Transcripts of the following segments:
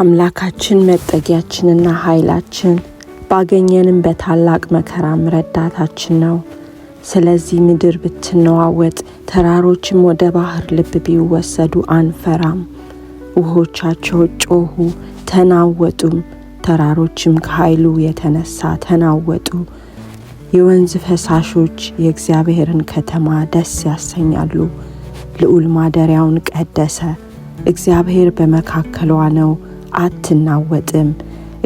አምላካችን መጠጊያችንና ኃይላችን ባገኘንም በታላቅ መከራም ረዳታችን ነው። ስለዚህ ምድር ብትነዋወጥ፣ ተራሮችም ወደ ባህር ልብ ቢወሰዱ አንፈራም። ውሆቻቸው ጮሁ ተናወጡም፣ ተራሮችም ከኃይሉ የተነሳ ተናወጡ። የወንዝ ፈሳሾች የእግዚአብሔርን ከተማ ደስ ያሰኛሉ። ልዑል ማደሪያውን ቀደሰ፣ እግዚአብሔር በመካከሏ ነው። አትናወጥም፣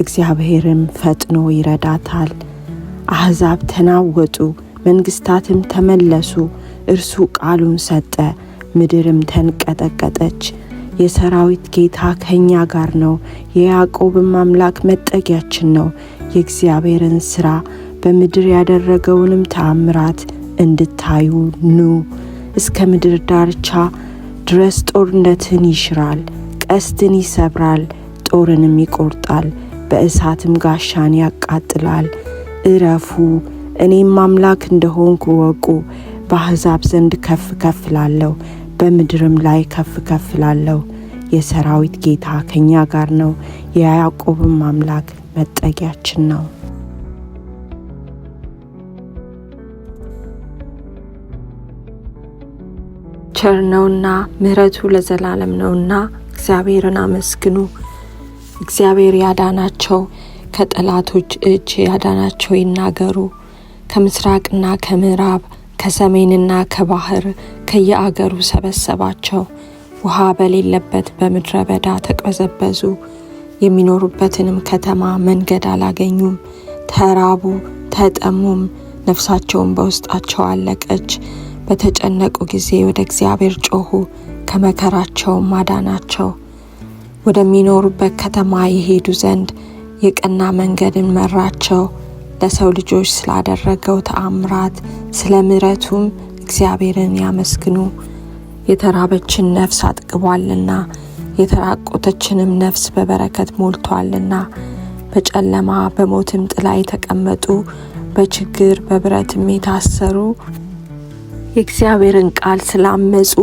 እግዚአብሔርም ፈጥኖ ይረዳታል። አሕዛብ ተናወጡ፣ መንግሥታትም ተመለሱ። እርሱ ቃሉን ሰጠ፣ ምድርም ተንቀጠቀጠች። የሰራዊት ጌታ ከእኛ ጋር ነው፣ የያዕቆብም አምላክ መጠጊያችን ነው። የእግዚአብሔርን ሥራ በምድር ያደረገውንም ተአምራት እንድታዩ ኑ። እስከ ምድር ዳርቻ ድረስ ጦርነትን ይሽራል፣ ቀስትን ይሰብራል፣ ጦርንም ይቆርጣል፣ በእሳትም ጋሻን ያቃጥላል። እረፉ፣ እኔም አምላክ እንደሆንኩ ወቁ። በአሕዛብ ዘንድ ከፍ ከፍ ላለሁ፣ በምድርም ላይ ከፍ ከፍ ላለሁ። የሰራዊት ጌታ ከእኛ ጋር ነው፣ የያዕቆብም አምላክ መጠጊያችን ነው። ቸር ነውና ምሕረቱ ለዘላለም ነውና እግዚአብሔርን አመስግኑ። እግዚአብሔር ያዳናቸው ከጠላቶች እጅ ያዳናቸው ይናገሩ። ከምስራቅና ከምዕራብ ከሰሜንና ከባህር ከየአገሩ ሰበሰባቸው። ውሃ በሌለበት በምድረ በዳ ተቀዘበዙ። የሚኖሩበትንም ከተማ መንገድ አላገኙም። ተራቡ ተጠሙም፣ ነፍሳቸውን በውስጣቸው አለቀች። በተጨነቁ ጊዜ ወደ እግዚአብሔር ጮኹ፣ ከመከራቸውም አዳናቸው። ወደሚኖሩበት ከተማ ይሄዱ ዘንድ የቀና መንገድን መራቸው። ለሰው ልጆች ስላደረገው ተአምራት ስለ ምረቱም እግዚአብሔርን ያመስግኑ። የተራበችን ነፍስ አጥግቧልና የተራቆተችንም ነፍስ በበረከት ሞልቷልና። በጨለማ በሞትም ጥላ የተቀመጡ በችግር በብረትም የታሰሩ የእግዚአብሔርን ቃል ስላመፁ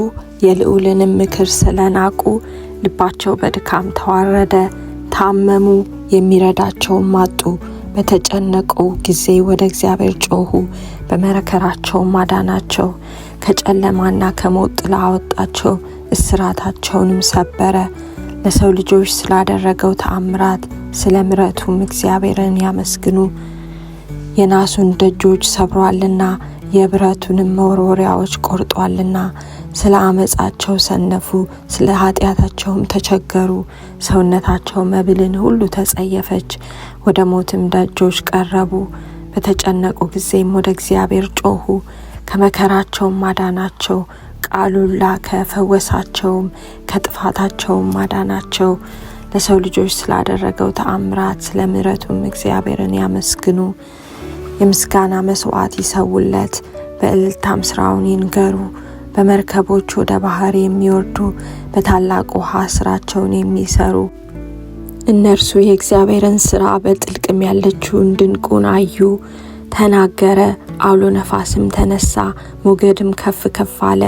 የልዑልንም ምክር ስለናቁ ልባቸው በድካም ተዋረደ፣ ታመሙ፣ የሚረዳቸውም አጡ። በተጨነቁ ጊዜ ወደ እግዚአብሔር ጮኹ፣ በመረከራቸውም አዳናቸው። ከጨለማና ከሞት ጥላ አወጣቸው፣ እስራታቸውንም ሰበረ። ለሰው ልጆች ስላደረገው ተአምራት ስለ ምረቱም እግዚአብሔርን ያመስግኑ። የናሱን ደጆች ሰብሯልና የብረቱንም መወርወሪያዎች ቆርጧልና ስለ አመፃቸው ሰነፉ፣ ስለ ኃጢአታቸውም ተቸገሩ። ሰውነታቸው መብልን ሁሉ ተጸየፈች፣ ወደ ሞትም ደጆች ቀረቡ። በተጨነቁ ጊዜም ወደ እግዚአብሔር ጮኹ፣ ከመከራቸውም አዳናቸው። ቃሉን ላከ፣ ፈወሳቸውም፣ ከጥፋታቸውም አዳናቸው። ለሰው ልጆች ስላደረገው ተአምራት ስለ ምሕረቱም እግዚአብሔርን ያመስግኑ። የምስጋና መስዋዕት ይሰውለት፣ በእልልታም ስራውን ይንገሩ። በመርከቦች ወደ ባህር የሚወርዱ በታላቅ ውሃ ስራቸውን የሚሰሩ እነርሱ የእግዚአብሔርን ስራ በጥልቅም ያለችውን ድንቁን አዩ። ተናገረ፣ አውሎ ነፋስም ተነሳ፣ ሞገድም ከፍ ከፍ አለ።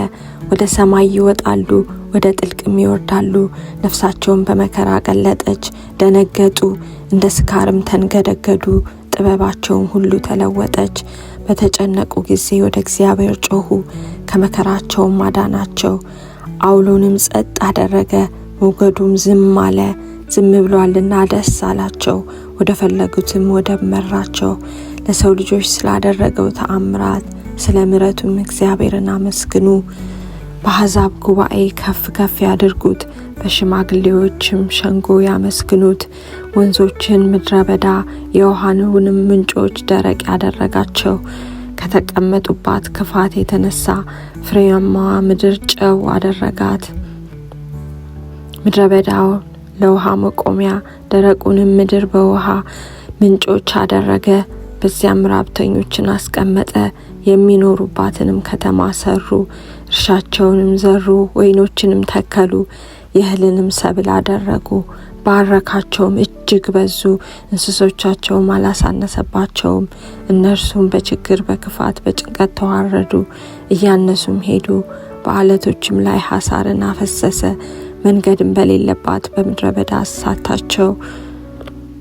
ወደ ሰማይ ይወጣሉ፣ ወደ ጥልቅም ይወርዳሉ። ነፍሳቸውን በመከራ ቀለጠች፣ ደነገጡ፣ እንደ ስካርም ተንገደገዱ። ጥበባቸውም ሁሉ ተለወጠች። በተጨነቁ ጊዜ ወደ እግዚአብሔር ጮኹ፣ ከመከራቸውም አዳናቸው። አውሎንም ጸጥ አደረገ፣ ሞገዱም ዝም አለ። ዝም ብሏልና ደስ አላቸው፣ ወደ ፈለጉትም ወደብ መራቸው። ለሰው ልጆች ስላደረገው ተአምራት ስለ ምረቱም እግዚአብሔርን አመስግኑ። በአሕዛብ ጉባኤ ከፍ ከፍ ያድርጉት፣ በሽማግሌዎችም ሸንጎ ያመስግኑት። ወንዞችን ምድረ በዳ የውሃንውንም ምንጮች ደረቅ ያደረጋቸው ከተቀመጡባት ክፋት የተነሳ ፍሬያማ ምድር ጨው አደረጋት። ምድረ በዳው ለውሃ መቆሚያ፣ ደረቁንም ምድር በውሃ ምንጮች አደረገ። በዚያም ራብተኞችን አስቀመጠ። የሚኖሩባትንም ከተማ ሰሩ፣ እርሻቸውንም ዘሩ፣ ወይኖችንም ተከሉ፣ የእህልንም ሰብል አደረጉ። ባረካቸውም፣ እጅግ በዙ። እንስሶቻቸውም አላሳነሰባቸውም። እነርሱም በችግር በክፋት በጭንቀት ተዋረዱ፣ እያነሱም ሄዱ። በአለቶችም ላይ ሐሳርን አፈሰሰ፣ መንገድም በሌለባት በምድረ በዳ አሳታቸው።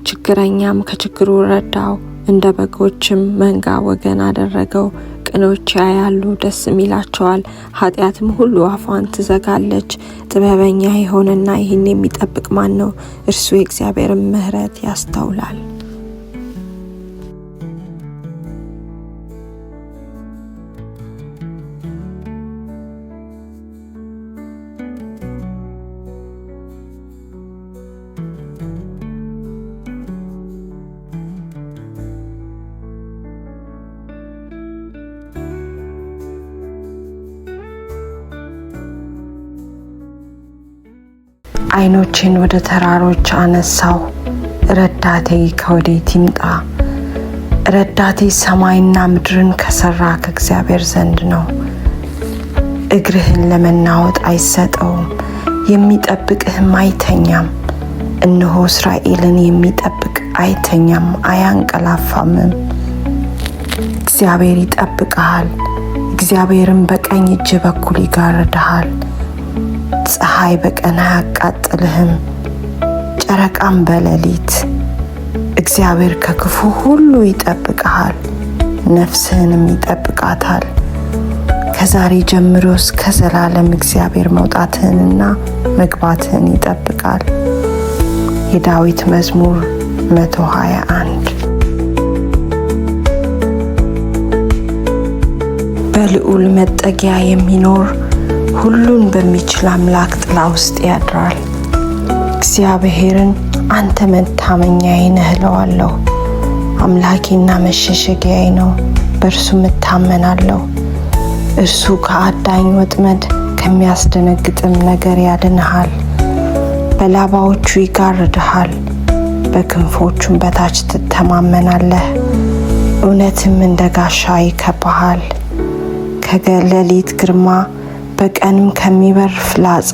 ችግረኛም ከችግሩ ረዳው እንደ በጎችም መንጋ ወገን አደረገው። ቅኖች ያያሉ ደስ ይላቸዋል፣ ኃጢአትም ሁሉ አፏን ትዘጋለች። ጥበበኛ የሆነና ይህን የሚጠብቅ ማን ነው? እርሱ የእግዚአብሔርን ምሕረት ያስተውላል። አይኖችን ወደ ተራሮች አነሳሁ። ረዳቴ ከወዴት ይምጣ? ረዳቴ ሰማይና ምድርን ከሰራ ከእግዚአብሔር ዘንድ ነው። እግርህን ለመናወጥ አይሰጠውም፣ የሚጠብቅህም አይተኛም። እነሆ እስራኤልን የሚጠብቅ አይተኛም አያንቀላፋምም። እግዚአብሔር ይጠብቀሃል፣ እግዚአብሔርም በቀኝ እጅ በኩል ይጋርድሃል። ፀሐይ በቀን አያቃጥልህም፣ ጨረቃም በሌሊት። እግዚአብሔር ከክፉ ሁሉ ይጠብቀሃል፣ ነፍስህንም ይጠብቃታል። ከዛሬ ጀምሮ እስከ ዘላለም እግዚአብሔር መውጣትህንና መግባትህን ይጠብቃል። የዳዊት መዝሙር 121 በልዑል መጠጊያ የሚኖር ሁሉን በሚችል አምላክ ጥላ ውስጥ ያድራል። እግዚአብሔርን አንተ መታመኛዬ ነህ እለዋለሁ። አምላኬና መሸሸጊያዬ ነው፣ በእርሱ እታመናለሁ። እርሱ ከአዳኝ ወጥመድ ከሚያስደነግጥም ነገር ያድንሃል። በላባዎቹ ይጋርድሃል፣ በክንፎቹም በታች ትተማመናለህ። እውነትም እንደ ጋሻ ይከብሃል ከገለሊት ግርማ በቀንም ከሚበር ፍላጻ፣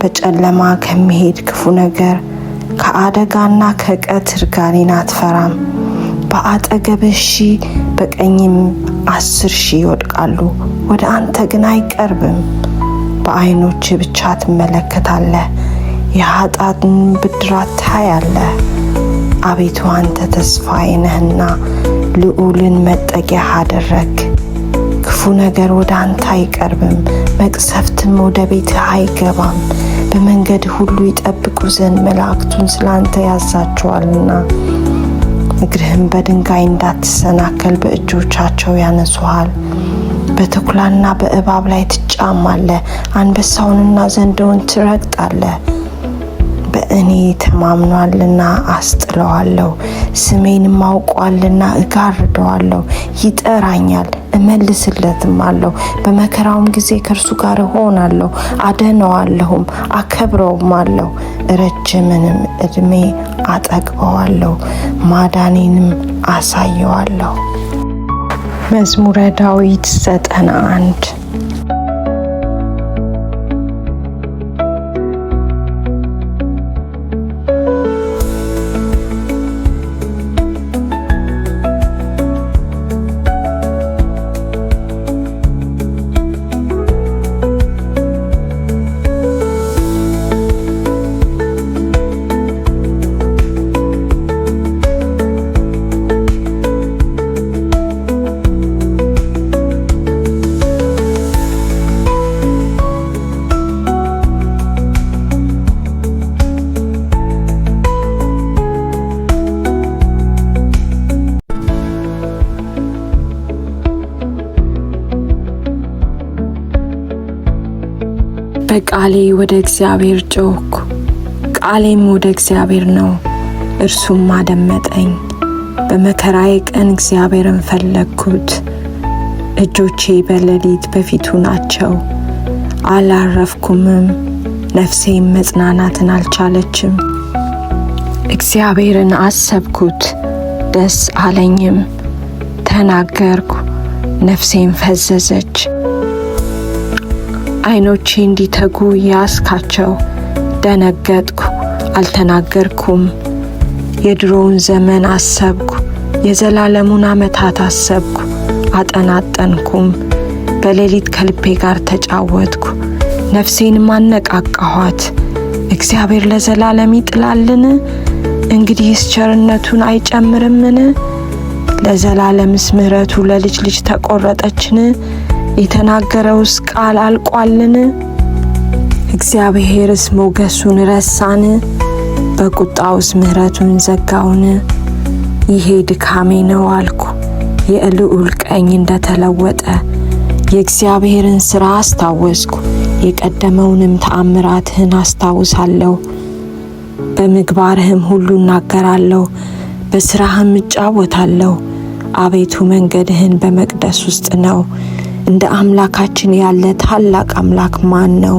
በጨለማ ከሚሄድ ክፉ ነገር፣ ከአደጋና ከቀትር ጋኔን አትፈራም። በአጠገብህ ሺህ በቀኝም አስር ሺህ ይወድቃሉ፣ ወደ አንተ ግን አይቀርብም። በዓይኖች ብቻ ትመለከታለህ፣ የኃጢአትን ብድራት ታያለህ። አቤቱ አንተ ተስፋዬ ነህና ልዑልን መጠጊያ አደረግ። ነገር ወደ አንተ አይቀርብም፣ መቅሰፍትም ወደ ቤት አይገባም። በመንገድ ሁሉ ይጠብቁ ዘንድ መላእክቱን ስለ አንተ ያዛቸዋልና እግርህም በድንጋይ እንዳትሰናከል በእጆቻቸው ያነሱሃል። በተኩላና በእባብ ላይ ትጫማለህ፣ አንበሳውንና ዘንዶውን ትረግጣለህ። በእኔ ተማምኗልና አስጥለዋለሁ፣ ስሜንም አውቋልና እጋርደዋለሁ። ይጠራኛል እመልስለትም አለሁ። በመከራውም ጊዜ ከእርሱ ጋር እሆናለሁ፣ አደነዋለሁም፣ አከብረውም አለሁ። ረጅምንም እድሜ አጠግበዋለሁ፣ ማዳኔንም አሳየዋለሁ። መዝሙረ ዳዊት ዘጠና አንድ በቃሌ ወደ እግዚአብሔር ጮኽኩ፣ ቃሌም ወደ እግዚአብሔር ነው፣ እርሱም አደመጠኝ። በመከራዬ ቀን እግዚአብሔርን ፈለግኩት፣ እጆቼ በሌሊት በፊቱ ናቸው። አላረፍኩምም፣ ነፍሴም መጽናናትን አልቻለችም። እግዚአብሔርን አሰብኩት፣ ደስ አለኝም፣ ተናገርኩ፣ ነፍሴም ፈዘዘች። አይኖቼ እንዲተጉ ያስካቸው። ደነገጥኩ፣ አልተናገርኩም። የድሮውን ዘመን አሰብኩ፣ የዘላለሙን ዓመታት አሰብኩ፣ አጠናጠንኩም። በሌሊት ከልቤ ጋር ተጫወትኩ፣ ነፍሴን ማነቃቃኋት እግዚአብሔር ለዘላለም ይጥላልን? እንግዲህስ ቸርነቱን አይጨምርምን? ለዘላለምስ ምሕረቱ ለልጅ ልጅ ተቆረጠችን? የተናገረውስ ቃል አልቋልን? እግዚአብሔርስ ሞገሱን ረሳን? በቁጣውስ ምሕረቱን ዘጋውን? ይሄ ድካሜ ነው አልኩ። የልዑል ቀኝ እንደተለወጠ የእግዚአብሔርን ሥራ አስታወስኩ። የቀደመውንም ተአምራትህን አስታውሳለሁ። በምግባርህም ሁሉ እናገራለሁ፣ በሥራህም እጫወታለሁ። አቤቱ መንገድህን በመቅደስ ውስጥ ነው። እንደ አምላካችን ያለ ታላቅ አምላክ ማን ነው?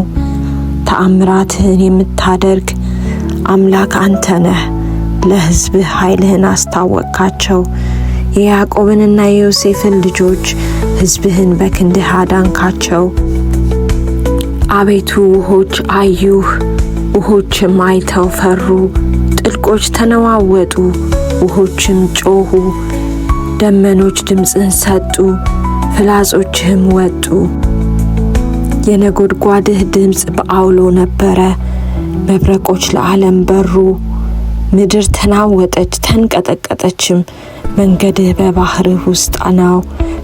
ተአምራትህን የምታደርግ አምላክ አንተ ነህ። ለሕዝብህ ኃይልህን አስታወቅካቸው። የያዕቆብንና የዮሴፍን ልጆች ሕዝብህን በክንድህ አዳንካቸው። አቤቱ ውሆች አዩህ፣ ውሆችም አይተው ፈሩ። ጥልቆች ተነዋወጡ፣ ውሆችም ጮኹ። ደመኖች ድምፅን ሰጡ። ፍላጾችህም ወጡ። የነጎድጓድህ ድምፅ በአውሎ ነበረ። መብረቆች ለዓለም በሩ። ምድር ተናወጠች ተንቀጠቀጠችም። መንገድህ በባህርህ ውስጥ ነው፣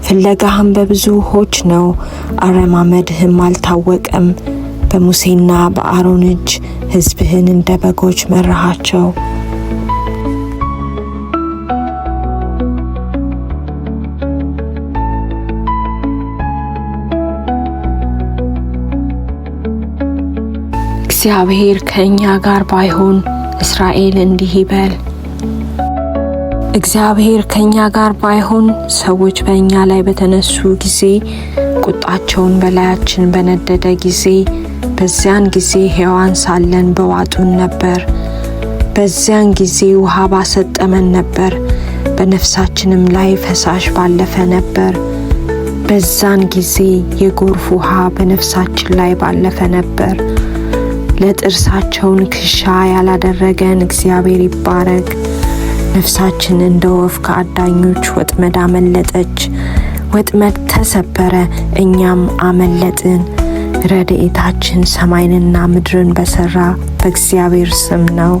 ፍለጋህም በብዙ ውኆች ነው። አረማመድህም አልታወቀም። በሙሴና በአሮን እጅ ሕዝብህን እንደ በጎች መራሃቸው። እግዚአብሔር ከእኛ ጋር ባይሆን እስራኤል እንዲህ ይበል፣ እግዚአብሔር ከእኛ ጋር ባይሆን ሰዎች በእኛ ላይ በተነሱ ጊዜ፣ ቁጣቸውን በላያችን በነደደ ጊዜ፣ በዚያን ጊዜ ሕያዋን ሳለን በዋጡን ነበር። በዚያን ጊዜ ውሃ ባሰጠመን ነበር፣ በነፍሳችንም ላይ ፈሳሽ ባለፈ ነበር። በዛን ጊዜ የጎርፍ ውሃ በነፍሳችን ላይ ባለፈ ነበር። ለጥርሳቸው ንክሻ ያላደረገን እግዚአብሔር ይባረክ። ነፍሳችን እንደ ወፍ ከአዳኞች ወጥመድ አመለጠች። ወጥመድ ተሰበረ፣ እኛም አመለጥን። ረድኤታችን ሰማይንና ምድርን በሰራ በእግዚአብሔር ስም ነው።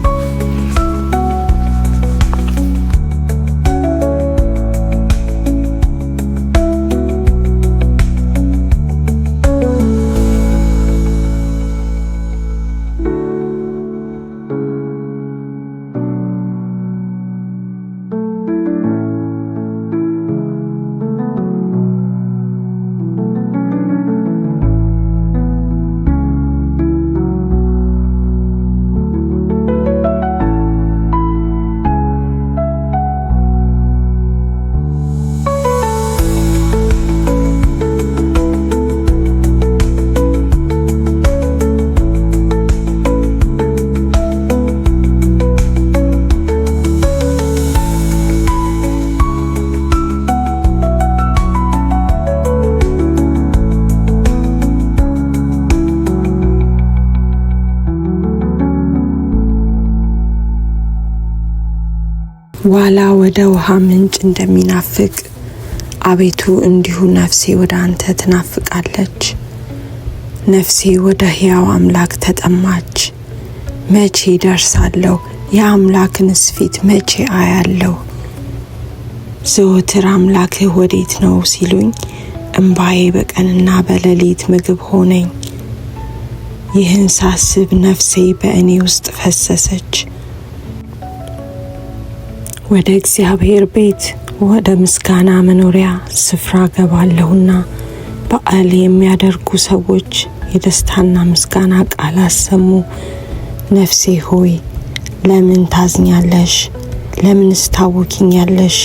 ዋላ ወደ ውሃ ምንጭ እንደሚናፍቅ አቤቱ እንዲሁ ነፍሴ ወደ አንተ ትናፍቃለች። ነፍሴ ወደ ሕያው አምላክ ተጠማች። መቼ ደርሳለሁ? የአምላክንስ ፊት መቼ አያለሁ? ዘወትር አምላክህ ወዴት ነው ሲሉኝ እምባዬ በቀንና በሌሊት ምግብ ሆነኝ። ይህን ሳስብ ነፍሴ በእኔ ውስጥ ፈሰሰች። ወደ እግዚአብሔር ቤት ወደ ምስጋና መኖሪያ ስፍራ ገባለሁና በዓል የሚያደርጉ ሰዎች የደስታና ምስጋና ቃል አሰሙ። ነፍሴ ሆይ ለምን ታዝኛለሽ? ለምንስ ታወኪኛለሽ?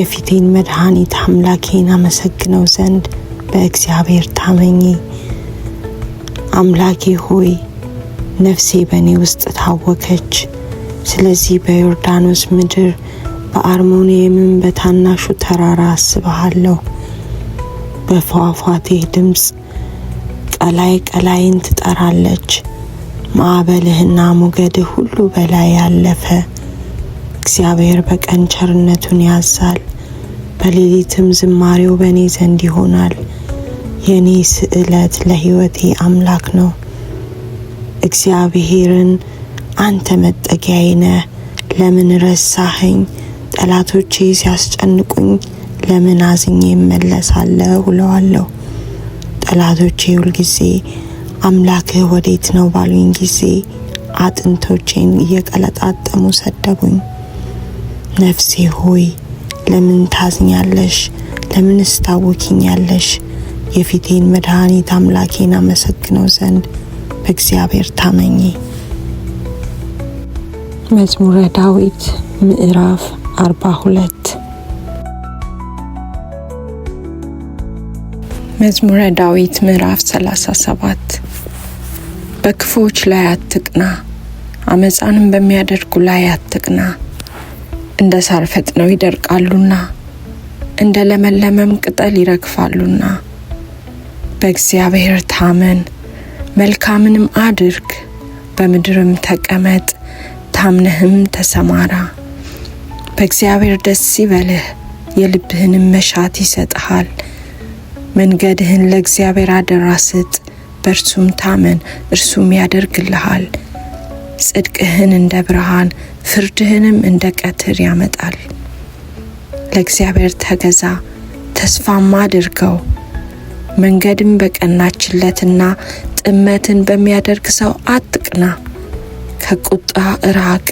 የፊቴን መድኃኒት አምላኬን አመሰግነው ዘንድ በእግዚአብሔር ታመኚ። አምላኬ ሆይ ነፍሴ በእኔ ውስጥ ታወከች። ስለዚህ በዮርዳኖስ ምድር በአርሞንኤምም በታናሹ ተራራ አስብሃለሁ። በፏፏቴ ድምፅ ቀላይ ቀላይን ትጠራለች። ማዕበልህና ሞገድህ ሁሉ በላይ ያለፈ። እግዚአብሔር በቀን ቸርነቱን ያዛል፣ በሌሊትም ዝማሬው በእኔ ዘንድ ይሆናል። የእኔ ስዕለት ለሕይወቴ አምላክ ነው። እግዚአብሔርን አንተ መጠጊያዬ ነህ። ለምን ረሳኸኝ? ጠላቶቼ ሲያስጨንቁኝ ለምን አዝኜ እመለሳለሁ እለዋለሁ። ጠላቶቼ ሁልጊዜ አምላክህ ወዴት ነው ባሉኝ ጊዜ አጥንቶቼን እየቀለጣጠሙ ሰደቡኝ። ነፍሴ ሆይ ለምን ታዝኛለሽ? ለምን እስታውኪኛለሽ? የፊቴን መድኃኒት አምላኬን አመሰግነው ዘንድ በእግዚአብሔር ታመኜ መዝሙረ ዳዊት ምዕራፍ አርባ ሁለት መዝሙረ ዳዊት ምዕራፍ ሰላሳ ሰባት በክፉዎች ላይ አትቅና፣ አመፃንም በሚያደርጉ ላይ አትቅና። እንደ ሳር ፈጥነው ይደርቃሉና እንደ ለመለመም ቅጠል ይረግፋሉና። በእግዚአብሔር ታመን፣ መልካምንም አድርግ፣ በምድርም ተቀመጥ ታምነህም ተሰማራ። በእግዚአብሔር ደስ ይበልህ፣ የልብህንም መሻት ይሰጥሃል። መንገድህን ለእግዚአብሔር አደራ ስጥ፣ በእርሱም ታመን፣ እርሱም ያደርግልሃል። ጽድቅህን እንደ ብርሃን ፍርድህንም እንደ ቀትር ያመጣል። ለእግዚአብሔር ተገዛ፣ ተስፋም አድርገው። መንገድም በቀናችለትና ጥመትን በሚያደርግ ሰው አትቅና። ከቁጣ ራቅ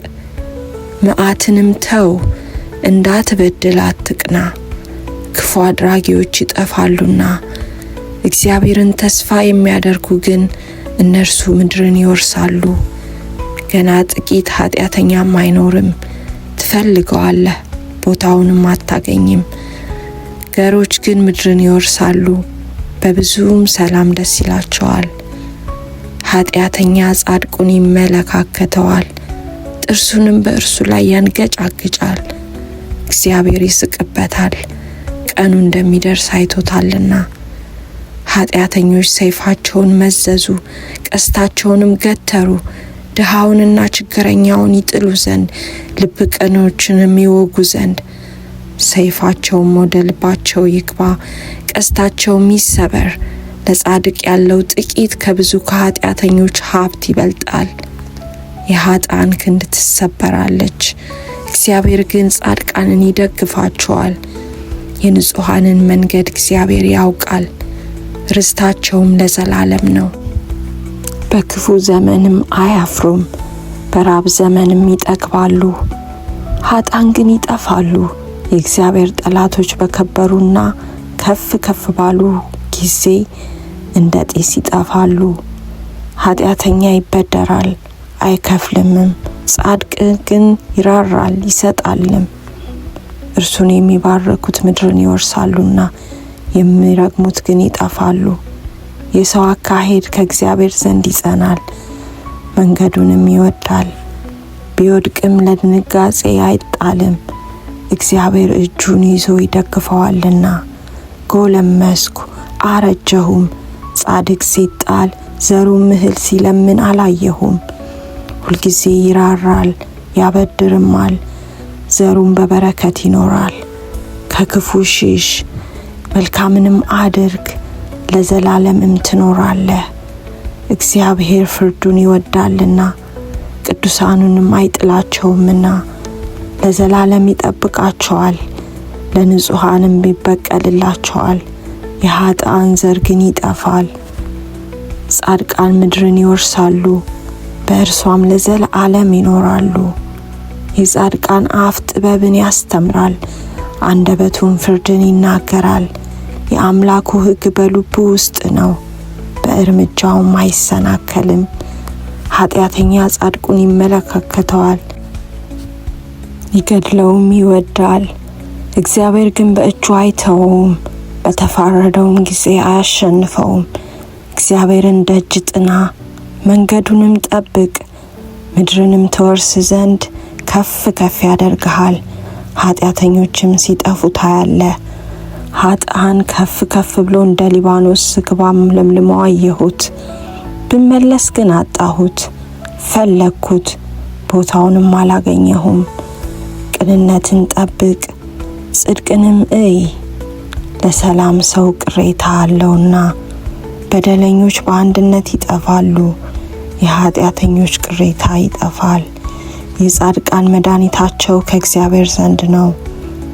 መዓትንም ተው፣ እንዳትበድል አትቅና፣ ክፉ አድራጊዎች ይጠፋሉና። እግዚአብሔርን ተስፋ የሚያደርጉ ግን እነርሱ ምድርን ይወርሳሉ። ገና ጥቂት ኃጢአተኛም አይኖርም። ትፈልገዋለህ፣ ቦታውንም አታገኝም። ገሮች ግን ምድርን ይወርሳሉ፣ በብዙም ሰላም ደስ ይላቸዋል። ኃጢአተኛ ጻድቁን ይመለካከተዋል፣ ጥርሱንም በእርሱ ላይ ያንገጫግጫል። እግዚአብሔር ይስቅበታል፣ ቀኑ እንደሚደርስ አይቶታልና። ኃጢአተኞች ሰይፋቸውን መዘዙ፣ ቀስታቸውንም ገተሩ፣ ድሃውንና ችግረኛውን ይጥሉ ዘንድ ልብ ቀኖችንም ይወጉ ዘንድ። ሰይፋቸውም ወደ ልባቸው ይግባ፣ ቀስታቸውም ይሰበር። ለጻድቅ ያለው ጥቂት ከብዙ ከኃጢአተኞች ሀብት ይበልጣል። የኃጥአን ክንድ ትሰበራለች፣ እግዚአብሔር ግን ጻድቃንን ይደግፋቸዋል። የንጹሐንን መንገድ እግዚአብሔር ያውቃል፣ ርስታቸውም ለዘላለም ነው። በክፉ ዘመንም አያፍሩም፣ በራብ ዘመንም ይጠግባሉ። ኃጥአን ግን ይጠፋሉ፣ የእግዚአብሔር ጠላቶች በከበሩና ከፍ ከፍ ባሉ ጊዜ እንደ ጢስ ይጠፋሉ። ኃጢአተኛ ይበደራል አይከፍልምም፣ ጻድቅ ግን ይራራል ይሰጣልም። እርሱን የሚባረኩት ምድርን ይወርሳሉና የሚረግሙት ግን ይጠፋሉ። የሰው አካሄድ ከእግዚአብሔር ዘንድ ይጸናል፣ መንገዱንም ይወዳል። ቢወድቅም ለድንጋጼ አይጣልም፣ እግዚአብሔር እጁን ይዞ ይደግፈዋልና። ጎለመስኩ፣ አረጀሁም። ጻድቅ ሲጣል ዘሩም እህል ሲለምን አላየሁም። ሁልጊዜ ይራራል ያበድርማል፣ ዘሩም በበረከት ይኖራል። ከክፉ ሽሽ፣ መልካምንም አድርግ፣ ለዘላለምም ትኖራለህ። እግዚአብሔር ፍርዱን ይወዳልና ቅዱሳኑንም አይጥላቸውምና ለዘላለም ይጠብቃቸዋል። ለንጹሐንም ይበቀልላቸዋል። የኀጥኣን ዘር ግን ይጠፋል። ጻድቃን ምድርን ይወርሳሉ፣ በእርሷም ለዘለዓለም ይኖራሉ። የጻድቃን አፍ ጥበብን ያስተምራል፣ አንደበቱን ፍርድን ይናገራል። የአምላኩ ሕግ በልቡ ውስጥ ነው፣ በእርምጃውም አይሰናከልም። ኃጢአተኛ ጻድቁን ይመለከተዋል፣ ይገድለውም ይወዳል። እግዚአብሔር ግን በእጁ አይተውም፣ በተፋረደውም ጊዜ አያሸንፈውም። እግዚአብሔር እንደ እጅ ጥና፣ መንገዱንም ጠብቅ፣ ምድርንም ትወርስ ዘንድ ከፍ ከፍ ያደርግሃል። ኃጢአተኞችም ሲጠፉ ታያለ። ኃጥአን ከፍ ከፍ ብሎ እንደ ሊባኖስ ዝግባም ለምልሞ አየሁት። ብመለስ ግን አጣሁት፣ ፈለግኩት፣ ቦታውንም አላገኘሁም። ቅንነትን ጠብቅ ጽድቅንም እይ። ለሰላም ሰው ቅሬታ አለውና በደለኞች በአንድነት ይጠፋሉ። የኃጢአተኞች ቅሬታ ይጠፋል። የጻድቃን መድኃኒታቸው ከእግዚአብሔር ዘንድ ነው።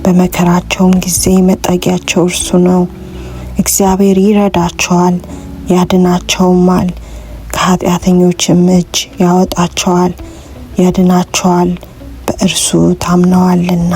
በመከራቸውም ጊዜ መጠጊያቸው እርሱ ነው። እግዚአብሔር ይረዳቸዋል ያድናቸውማል፣ ከኃጢአተኞችም እጅ ያወጣቸዋል ያድናቸዋል፣ በእርሱ ታምነዋልና።